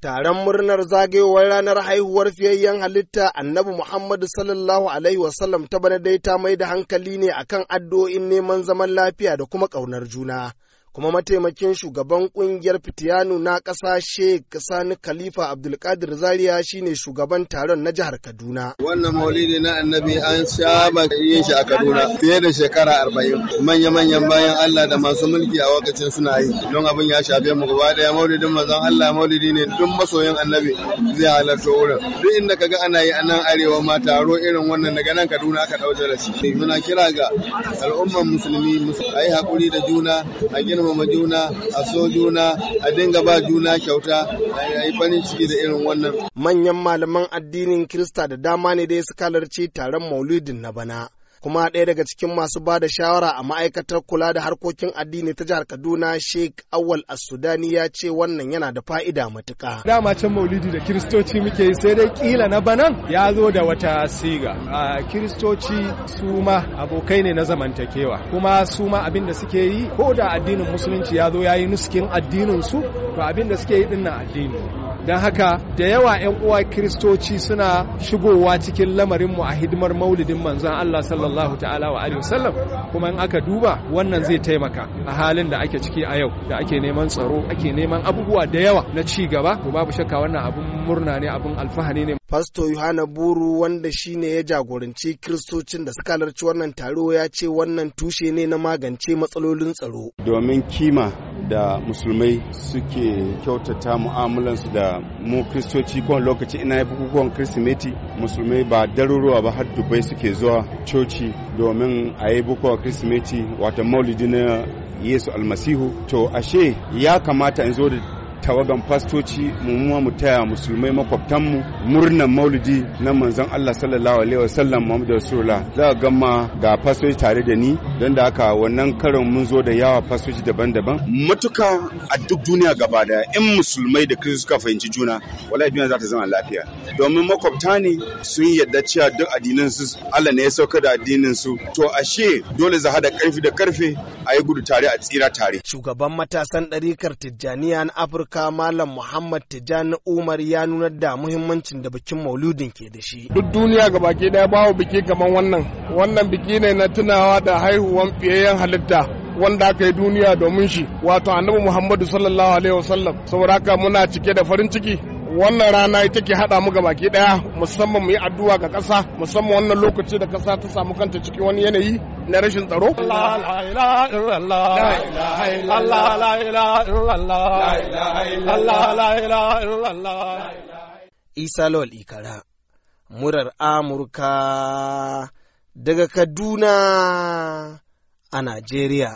taron murnar zagayowar ranar haihuwar fiyayyen halitta annabi Muhammadu sallallahu Alaihi wasallam ta bane dai ta mai da hankali ne akan addu'o'in neman zaman lafiya da kuma ƙaunar juna. kuma mataimakin shugaban kungiyar fitiyanu na ƙasa sheik sani khalifa abdulkadir zaria shine shugaban taron na jihar kaduna wannan maulidi na annabi an saba yin shi a kaduna fiye da shekara arba'in manya-manyan bayan allah da masu mulki a wakacin suna yi don abin ya shafe mu gaba daya maulidin mazan allah maulidi ne duk masoyin annabi zai halarta wurin duk inda ka ga ana yi a nan arewa ma taro irin wannan daga nan kaduna aka ɗauke da shi muna kira ga al'ummar musulmi a yi haƙuri da juna a girma girmama juna a so juna a dinga ba juna kyauta a yi farin ciki da irin wannan manyan malaman addinin krista da dama ne dai su kalarci taron maulidin na bana kuma ɗaya daga cikin masu ba da shawara a ma'aikatar kula da harkokin addini ta jihar Kaduna Sheikh Awal As-Sudani ya ce wannan yana da fa'ida matuka. Dama can maulidi da kiristoci muke yi sai dai kila na banan ya zo da wata siga. A kiristoci su ma abokai ne na zamantakewa kuma su ma abin da suke yi ko da addinin musulunci ya zo ya yi nuskin addinin su to abin da suke yi din addini. don haka da yawa 'yan uwa kiristoci suna shigowa cikin lamarinmu a hidimar maulidin manzon Allah sallallahu ta'ala wa alihi wasallam kuma in aka duba wannan zai taimaka a halin da ake ciki a yau da ake neman tsaro ake neman abubuwa da yawa na ci gaba ko babu shakka wannan abun murna ne abun alfahani ne Fasto Yohana Buru wanda shine ya jagoranci kiristocin da suka halarci wannan taro ya ce wannan tushe ne na magance matsalolin tsaro domin kima da musulmai suke kyautata mu'amulansu da mu kristoci kowane lokaci ina yi bukukuwan kirsimeti musulmai ba daruruwa ba har dubai suke zuwa coci domin a yi bukukuwan kirsimeti wata maulidi na yesu almasihu to ashe ya kamata in zo da tawagan fastoci mu mu taya musulmai makwabtanmu murnan maulidi na manzon Allah sallallahu alaihi sallam Muhammadu Rasulullah za ga gama ga fastoci tare da ni don da haka wannan karin mun zo da yawa fastoci daban-daban matuka a duk duniya gaba da in musulmai da kristo suka fahimci juna wallahi duniya za ta zama lafiya domin makwabta ne sun yadda cewa duk addinin su Allah ne ya sauka da addinin su to ashe dole za hada karfi da karfe a yi gudu tare a tsira tare shugaban matasan ɗarikar Tijjaniya na Afirka Malam Muhammad Tijjani Umar ya nuna da muhimmancin da bikin Mauludin ke da shi duk duniya gabaki ɗaya, bawo biki kamar wannan wannan biki ne na tunawa da haihuwan fiyayyen halitta wanda aka yi duniya domin shi wato annabi muhammadu sallallahu alaihi wasallam saboda haka muna cike da farin ciki wannan rana ita ke haɗa mu baki ɗaya musamman mu yi addu'a ga ƙasa musamman wannan lokaci da ƙasa ta samu kanta cikin wani yanayi na rashin tsaro. Isa Lawal Ikara, murar Amurka daga Kaduna a Najeriya.